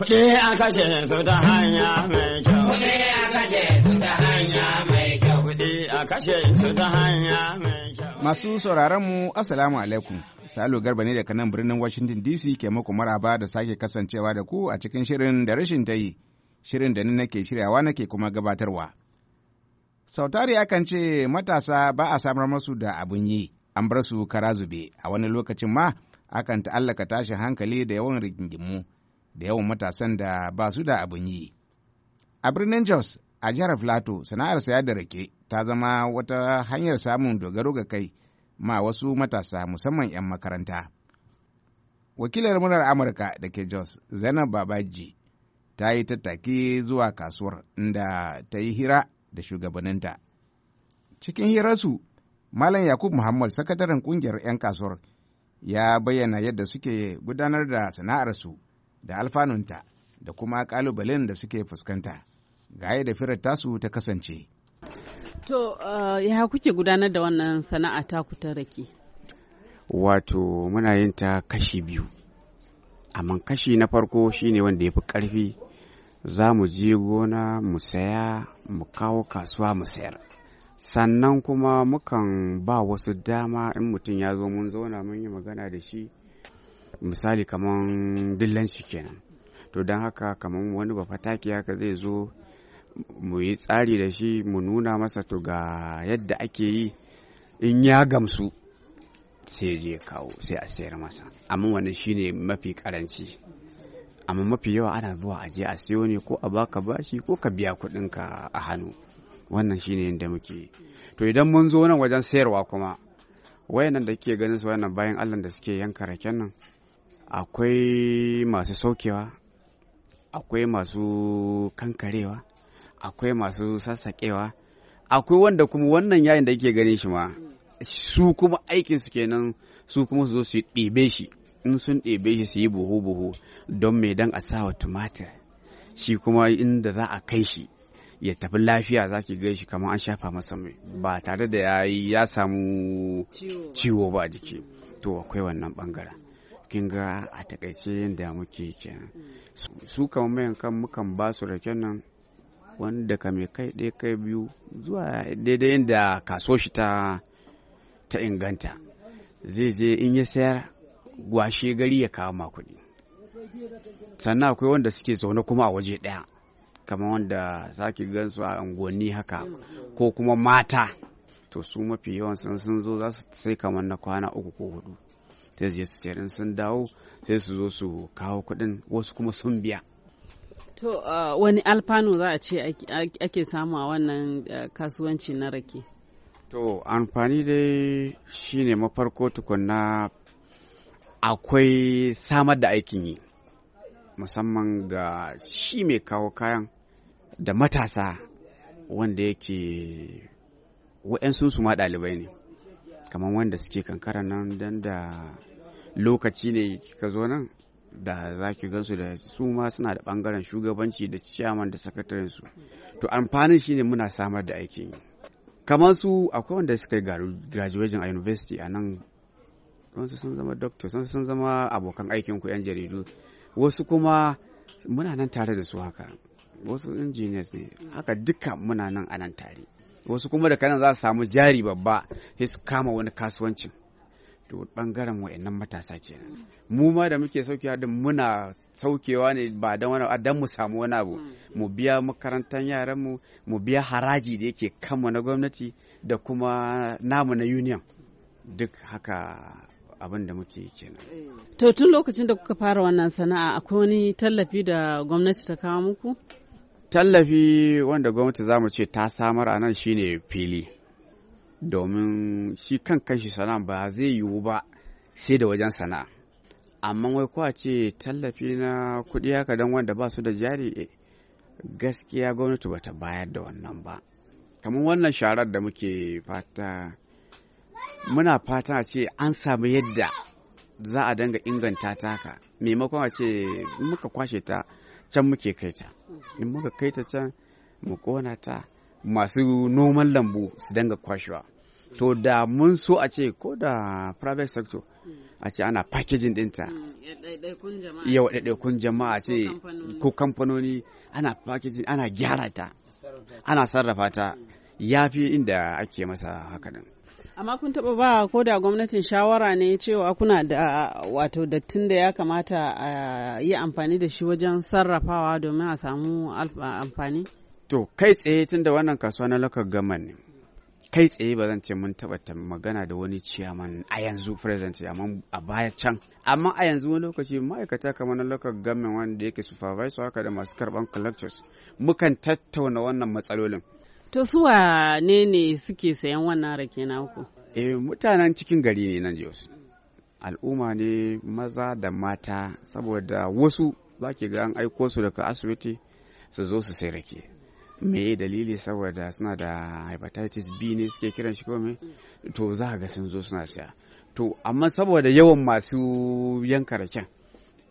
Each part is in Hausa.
Kuɗi a kashe su ta hanya mai kyau. Kuɗi a kashe su ta hanya mai kyau. Kuɗi a kashe su ta hanya mai kyau. Masu sauraron mu Assalamu alaikum. Salo Garba ne daga nan birnin Washington DC ke muku maraba da sake kasancewa da ku a cikin shirin da rashin ta yi. Shirin da ni nake shiryawa nake kuma gabatarwa. Sautari akan ce matasa ba a samar masu da abun yi, an bar su kara zube, a wani lokacin ma akan ta'allaka tashin hankali da yawan rigingimu. da yawan matasan da ba su da abin yi. A birnin Jos a jihar Filato sana'ar sayar da rake ta zama wata hanyar samun dogaro ga kai ma wasu matasa musamman 'yan makaranta. Wakilar murar Amurka da ke Jos Zainab Babaji ta yi tattaki zuwa kasuwar inda ta yi hira da shugabanninta. Cikin hirarsu, Malam Yakub Muhammad sakataren kungiyar 'yan kasuwar ya bayyana yadda suke gudanar da sana'arsu. da alfanunta da kuma kalubalen da suke fuskanta ga da firar tasu ta kasance. To, eh, ya kuke gudanar da wannan sana'a ta ta rake? Wato, muna yin ta kashi biyu. Amma kashi na farko shine wanda ya fi ƙarfi, za mu je gona mu saya, mu kawo kasuwa mu sayar. Sannan kuma mukan ba wasu dama in mutum ya zo mun zauna mun yi magana da shi. misali kamar dillanci kenan to don haka kamar wani ba fataki haka zai zo mu yi tsari da shi mu nuna masa to ga yadda ake yi in ya gamsu sai je kawo sai a sayar masa amma wannan shine mafi karanci amma mafi yawa ana zuwa a je a siyo ne ko a baka bashi ko ka biya kuɗinka a hannu wannan shine yadda muke to idan mun zo nan wajen sayarwa kuma wayannan da ke ganin su wayannan bayan allah da suke yanka raken nan akwai masu saukewa akwai masu kankarewa akwai masu sassaƙewa akwai wanda kuma wannan yayin da yake ganin shi ma su kuma aikin su kenan su kuma su zo su ɗebe shi in sun ɗebe shi su yi buhu buhu don mai dan a sawa tumatir shi kuma inda za a kai shi ya tafi lafiya za ki shi kamar an shafa masa mai ba tare da ya samu ciwo ba jiki to akwai wannan bangaren kin ga a takaice yadda muke kenan su kan mayan kan mukan ba su rake nan wanda ka mai kai ɗaya kai biyu zuwa daidai inda kaso shi ta inganta zai je in ya sayar gwashe gari ya kawo makudi kuɗi sannan akwai wanda suke zaune kuma a waje ɗaya kamar wanda sake gansu a unguwanni haka ko kuma mata to su mafi yawan sun zo za su sai kamar na kwana uku ko hudu sai su je su sayar sun dawo sai su zo su kawo kuɗin wasu kuma sun biya to wani alfano za a ce ake samu a wannan kasuwanci na rake to amfani dai shine mafarko tukunna akwai samar da aikin yi musamman ga shi mai kawo kayan da matasa wanda yake sun su ma ɗalibai ne kamar wanda suke kankara nan don da lokaci ne ka zo nan da za ki gansu da su ma suna da bangaren shugabanci da chairman da sakatarinsu to amfanin shine muna samar da aikin yi kamar su akwai wanda suka yi graduation a university a nan wasu sun zama doctor sun sun zama abokan aikin ku yan jaridu wasu kuma muna nan tare da su haka wasu engineers ne haka duka muna nan a nan tare wasu kuma da kanan za su samu jari babba sai su kama wani kasuwancin to bangaren wa'annan matasa kenan mu ma da muke saukewa da muna saukewa ne ba dan wani dan mu samu wani abu hmm. mu biya makarantar yaran mu mu biya haraji da yake kanmu na gwamnati da kuma namu na union duk haka abin da muke kenan. Eh. To tun lokacin da kuka fara wannan sana'a akwai wani tallafi da gwamnati ta kawo muku? Tallafi wanda gwamnati za mu ce ta samar a nan shine fili. domin shi kan kashi sana'a ba zai yiwu ba sai da wajen sana'a amma wai kuwa ce tallafi na kuɗi haka don wanda ba su da jari eh, gaskiya gwamnati ba ta bayar da wannan ba kamar wannan sharar da muke fata muna fata a ce an samu yadda za a danga inganta taka maimakon a ce muka kwashe ta can muke kaita in muka kaita can mu kona ta masu noman lambu su danga kwashewa to da mun so a ce ko da private sector a ce ana packaging dinta mm, yau ɗaiɗaikun jama'a ce ko kamfanoni ana packaging ana gyara ta ana sarrafa ta ya fi inda ake masa hakanan amma kun taɓa ba ko da gwamnatin shawara ne cewa kuna da wato dattin da ya kamata a yi amfani da shi wajen sarrafawa domin a samu amfani To, kai tsaye tun da wannan kasuwa na lokar government ne. Kai tsaye ba zan ce mun taɓa magana da wani ciyaman a yanzu present amma a baya can. Amma a yanzu wani lokaci ma'aikata kamar na lokar government wanda yake supervisor haka da masu karɓan collectors mukan tattauna wannan matsalolin. To suwa ne ne suke sayan wannan rake uku? Eh mutanen cikin gari ne nan Jos. Al'umma ne maza da mata saboda wasu za ga an aiko su daga asibiti su zo su sai rake. me dalili saboda suna da hepatitis B ne suke kiran shi kome to za ga sun zo suna siya to amma saboda yawan masu yanka raken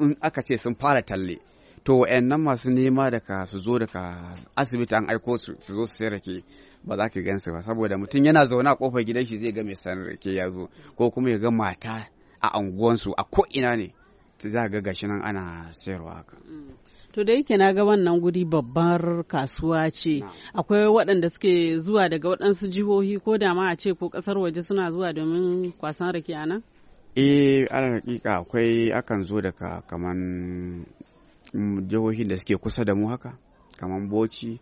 in aka ce sun fara talle to nan masu nema daga su zo daga asibiti an aiko su su zo su sai rake ba za gan gansu ba saboda mutum yana zaune a kofar gidan shi zai ga mai san rake ya zo ko kuma ya ga mata a anguwansu a ko ina ne za ga gashi nan ana sayarwa haka mm. To da yake na ga wannan guri babbar kasuwa ce, akwai waɗanda suke zuwa daga waɗansu jihohi ko da ma a ce ko ƙasar waje suna zuwa domin kwasan rake a nan? Eh, ana hakika akwai akan zo daga kaman jihohi da suke kusa da mu haka, kaman Bauchi,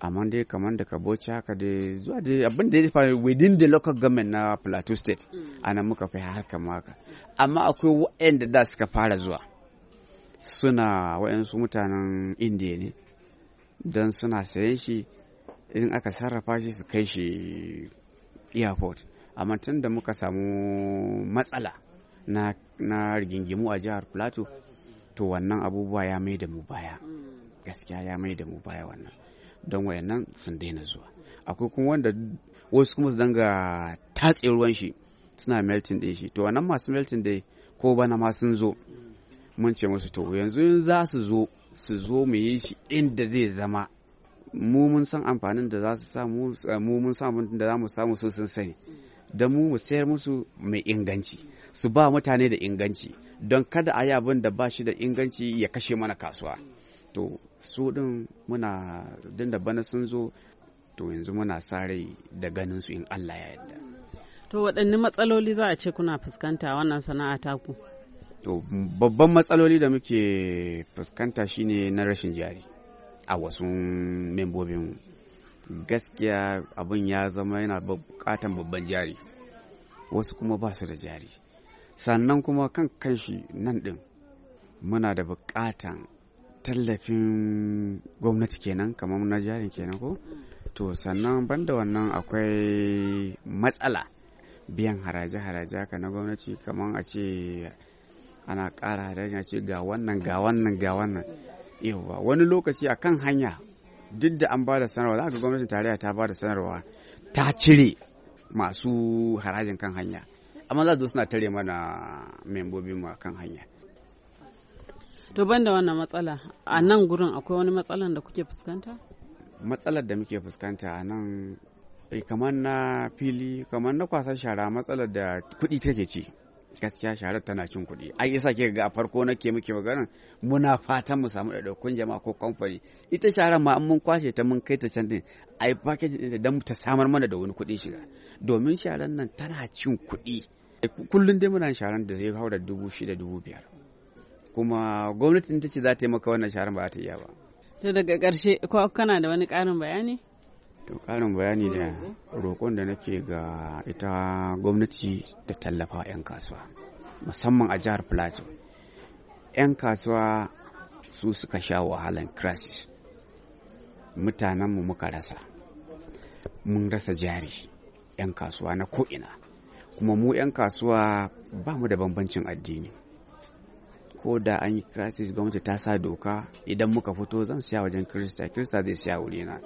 amma dai kaman daga Bauchi haka dai zuwa dai abin da ya faru within the local government na Plateau State, mm. ana muka fi harkar haka. Amma akwai waɗanda da suka fara zuwa. suna waɗansu mutanen indiya ne don suna sayan shi in aka sarrafa shi su kai shi airport amma tun da muka samu matsala na, na rigingimu a jihar plateau to wannan abubuwa ya mai da mu baya gaskiya ya mai da mu baya wannan don wayannan sun daina zuwa akwai kuma wanda wasu kuma su danga tatse ruwan shi suna melting din shi to wannan masu melting dai ko bana ma sun zo mun ce musu to yanzu in za su zo su zo mu yi shi inda zai zama mu mun san amfanin da za su samu mu mun san da za mu samu su sun sani da mu mu sayar musu mai inganci su ba mutane da inganci don kada a yi abin da ba shi da inganci ya kashe mana kasuwa to su din muna din da bana sun zo to yanzu muna sa da ganin su in Allah ya yarda to waɗanne matsaloli za a ce kuna fuskanta wannan sana'a ku. To babban matsaloli da muke fuskanta shine na rashin jari a wasu membobin gaskiya abin ya zama yana bukatan babban jari wasu kuma ba su da jari sannan kuma kan kanshi nan ɗin muna da bukatan tallafin gwamnati kenan kamar na jari kenan ko to sannan banda wannan akwai matsala biyan haraje-haraje haka na gwamnati kamar a ce ana ƙara hadanya ce ga wannan ga wannan ga wannan yawa wani lokaci a kan hanya duk da an ba da sanarwa za ka gwamnatin tarayya ta ba da sanarwa ta cire masu harajin kan hanya amma za su suna tare mana membobi mu kan hanya to ban da wannan matsala a nan gurin akwai wani matsalan da kuke fuskanta matsalar da muke fuskanta a nan eh, kamar na fili kamar na kwasar shara matsalar da kuɗi take ci gaskiya shaharar tana cin kuɗi a yasa ke ga a farko nake muke magana muna fatan mu samu ɗaiɗaikun jama'a ko kamfani ita shahararra ma mun kwashe ta mun kai ta can din yi fakin ɗinta don ta samar mana da wani kuɗin shiga domin shaharar nan tana cin kuɗi kullum dai muna shahararra da zai haura dubu shida dubu biyar kuma gwamnatin ta ce za ta yi maka wannan shahararra ba ta iya ba to daga karshe ko kana da wani ƙarin bayani to karin bayani da roƙon da nake ga ita gwamnati da tallafa 'yan kasuwa musamman a jihar plateau 'yan kasuwa su suka sha wahalan crisis mutanenmu muka rasa mun rasa jari 'yan kasuwa na ko'ina kuma mu 'yan kasuwa ba mu da bambancin addini ko da an yi crisis gwamnati ta sa doka idan muka fito zan siya wajen kirista kirista zai siya wuri na.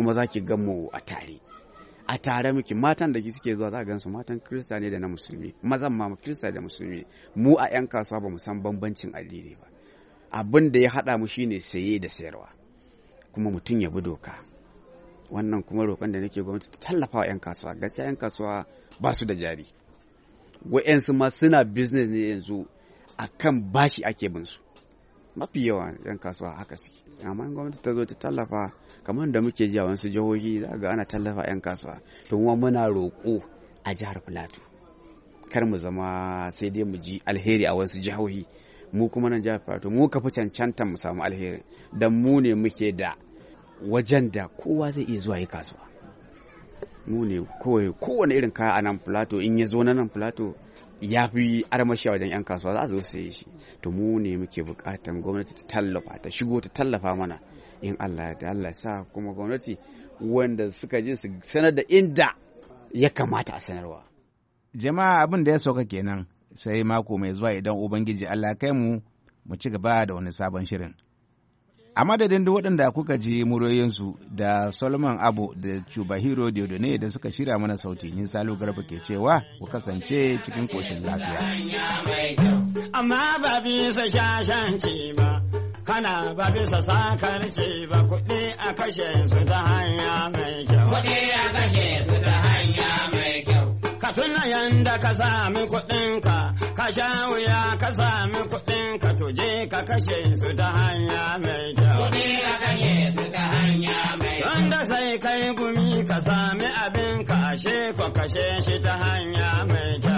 kuma za ki gan mu a tare a tare muke matan da ki suke zuwa za gansu matan kirista ne da na musulmi mazan ma kirista da musulmi mu a 'yan kasuwa ba mu san bambancin addini ba abin da ya haɗa mu shine saye da sayarwa kuma mutum ya bi doka wannan kuma roƙon da nake gwamnati ta tallafa wa 'yan kasuwa gaskiya 'yan kasuwa ba su da jari wa'yansu ma suna business ne yanzu akan bashi ake bin su mafi yawa yan kasuwa haka suke amma in gwamnati ta zo ta tallafa kamar da muke ji a wasu jihohi za ga ana tallafa yan kasuwa to kuma muna roƙo a jihar Filato kar mu zama sai dai mu ji alheri a wasu jihohi mu kuma nan jihar Filato mu ka fi cancanta mu samu alheri don mu ne muke da wajen da kowa zai iya zuwa yi kasuwa mu ne kowane irin kaya a nan Filato in ya zo na nan Filato ya fi armashi a wajen 'yan kasuwa za su zo saye shi to mu ne muke bukatan gwamnati ta tallafa ta shigo ta tallafa mana in Allah ya Allah sa kuma gwamnati wanda suka je su sanar da inda ya kamata a sanarwa jama'a abin da ya sauka kenan sai mako mai zuwa idan ubangiji Allah kai mu mu ci gaba da wani sabon shirin a madadin da waɗanda kuka ji muryoyinsu da solomon abu da chubahiro diodone da suka shirya mana sauti yin salo garba ke cewa ku kasance cikin koshin lafiya amma ba bisa ce ba kana ba bisa sakarci ba kuɗi a kashe su ta hanya mai kyau kuɗi a kashe su ta hanya mai kyau ka tuna yanda ka sami kuɗinka ka sha wuya ka sami kuɗinka tuje ka kashe su ta hanya mai kyau kai gumi ka sami abin ka ashe ka kashe shi ta hanya mai kyau.